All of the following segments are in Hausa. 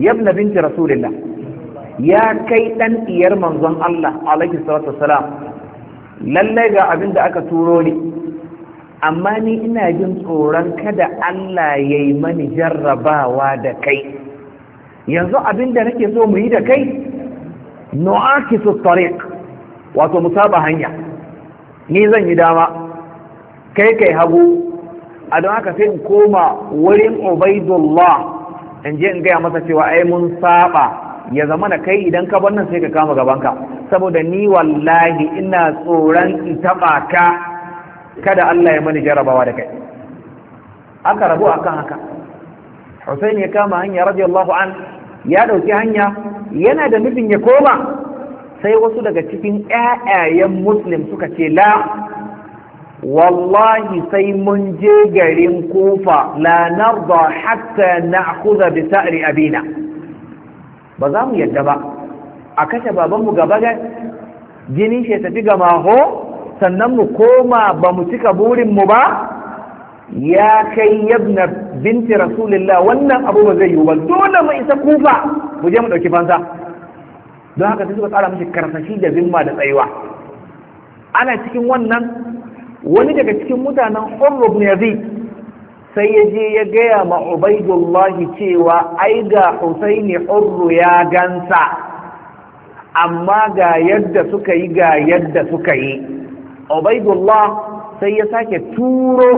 yabna binti rasulillah ya kai dan diyar manzon Allah alaihi salatu wassalam lallai ga abin da aka turo ni amma ni ina jin tsoron kada Allah ya yi mani jarrabawa da kai yanzu abin da nake so mu yi da kai nu'akisu tariq wato mu saɓa hanya ni zan yi dama kai kai hagu a don haka sai in koma wurin ubaidullah in je in gaya masa cewa ai mun saba ya zama na kai idan ka bar nan sai ka kama gabanka saboda ni wallahi ina tsoron in taba ka kada Allah ya mani jarabawa da kai aka rabu akan haka Hussein ya kama hanya radiyallahu an ya dauki hanya yana da nufin ya koma sai wasu daga cikin ƴaƴayen muslim suka ce la wallahi sai mun je garin kufa la narda hatta na'khudha bi sa'ri abina ba za mu yadda ba a kashe babanmu gaba ga jinin shi tafi ga maho sannan mu koma ba mu cika mu ba ya kai yabna binti rasulillah wannan abu ba zai yi ba dole mu isa kufa mu je mu dauki fansa don haka sai suka tsara mishi karsashi da zimma da tsayuwa ana cikin wannan wani daga cikin mutanen Urub ne zai sai ya je ya gaya ma Ubaidullahi cewa ai ga Husaini Urru ya gansa amma ga yadda suka yi ga yadda suka yi Ubaidullah sai ya sake turo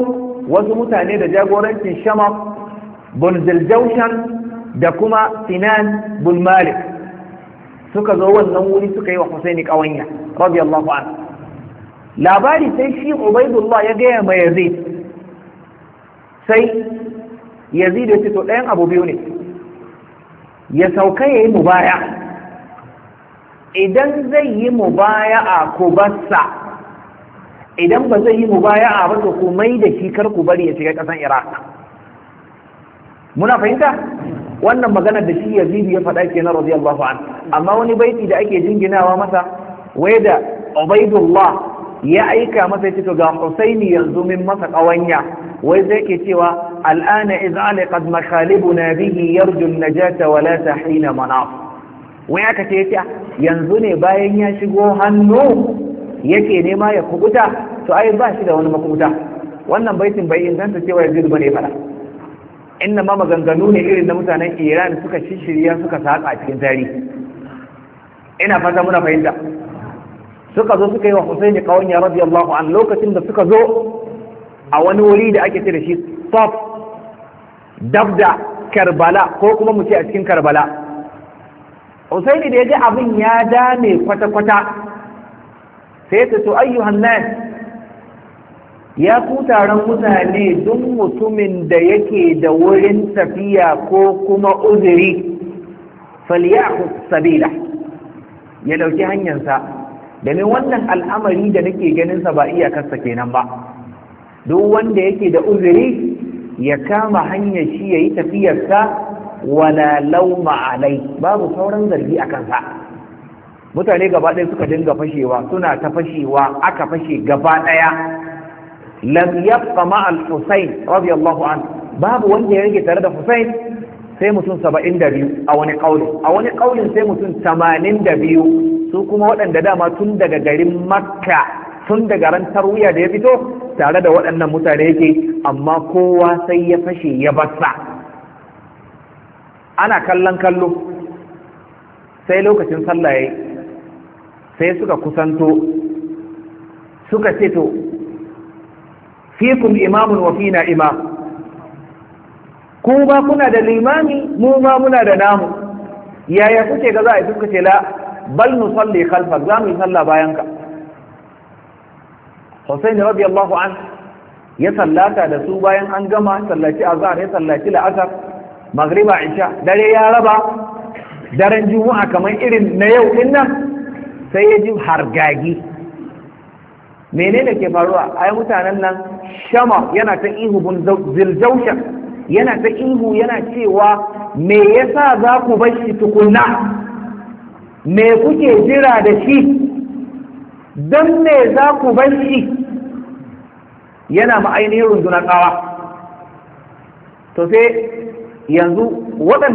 wasu mutane da jagorancin shama Bun Zuljaushan da kuma Sinan Bun Malik suka zo wannan wuri suka yi wa Husaini kawanya radiyallahu anhu labari sai shi ubaidullah ya gaya ma yazi. sai yazid ya ce ɗayan abu biyu ne ya sauka ya yi mubaya idan zai yi mubaya a Kubarsa, idan ba zai yi a ba to ku mai da shi kar ku bari ya shiga ƙasan iraq muna fahimta wannan magana da shi yazid ya faɗa kenan radiyallahu an amma wani baiti da ake jinginawa masa wai da ubaidullah ya aika masa ya ce to ga Husaini yanzu min masa kawanya wai zai ke cewa al'ana iz alqad makhalibuna bihi yarju an-najata wa la tahina manaf wai aka ce ya yanzu ne bayan ya shigo hannu yake nema ya kubuta to ai ba shi da wani makubuta wannan baitin bai inganta cewa yazid bane fara inna ma maganganu ne irin na mutanen Iran suka shishirya suka saka cikin tarihi ina fata muna fahimta suka zo suka yi wa Husaini kawanya radiyallahu an lokacin da suka zo a wani wuri da ake ce da shi Saf dabda Karbala ko kuma mu ce a cikin Karbala Hussaini da ya ji abin ya dame kwata-kwata sai ya to ayyuhan nas ya ku taron mutane duk mutumin da yake da wurin tafiya ko kuma uzuri ku sabila ya dauki hanyarsa domin wannan al'amari da nake ganin sa ba iyakarsa kenan ba duk wanda yake da uzuri ya kama hanyar shi yayi tafiyarsa wala lauma alai babu sauran zargi a kansa mutane gaba ɗaya suka dinga fashewa suna ta fashewa aka fashe gaba ɗaya lam yabqa ma al-husayn radiyallahu anhu babu wanda ya rage tare da Hussein sai mutum saba'in da biyu a wani ƙaunin. a wani ƙaunin sai mutum tamanin da biyu su kuma waɗanda dama tun daga garin makka tun daga ran tarwiya da ya fito tare da waɗannan mutane yake amma kowa sai ya fashe ya basa ana kallon kallo sai lokacin sallah yayi sai suka kusanto suka ce to fikum imamun wa fina imam ku ba kuna da limami mu ma muna da namu yaya kuke ga za a yi suka ce la bal salli khalfa za mu yi sallah bayan ka Hussein Allah an ya sallata da su bayan an gama sallaci azhar ya sallaci la'asar maghriba isha dare ya raba daren juma'a kamar irin na yau din nan sai ya ji hargagi menene ke faruwa ai mutanen nan shama yana ta ihubun ziljaushan yana ta ihu yana cewa me yasa za ku bar shi tukunna me kuke jira da shi don me za ku bar shi yana ainihin runduna kawa to sai yanzu waɗanda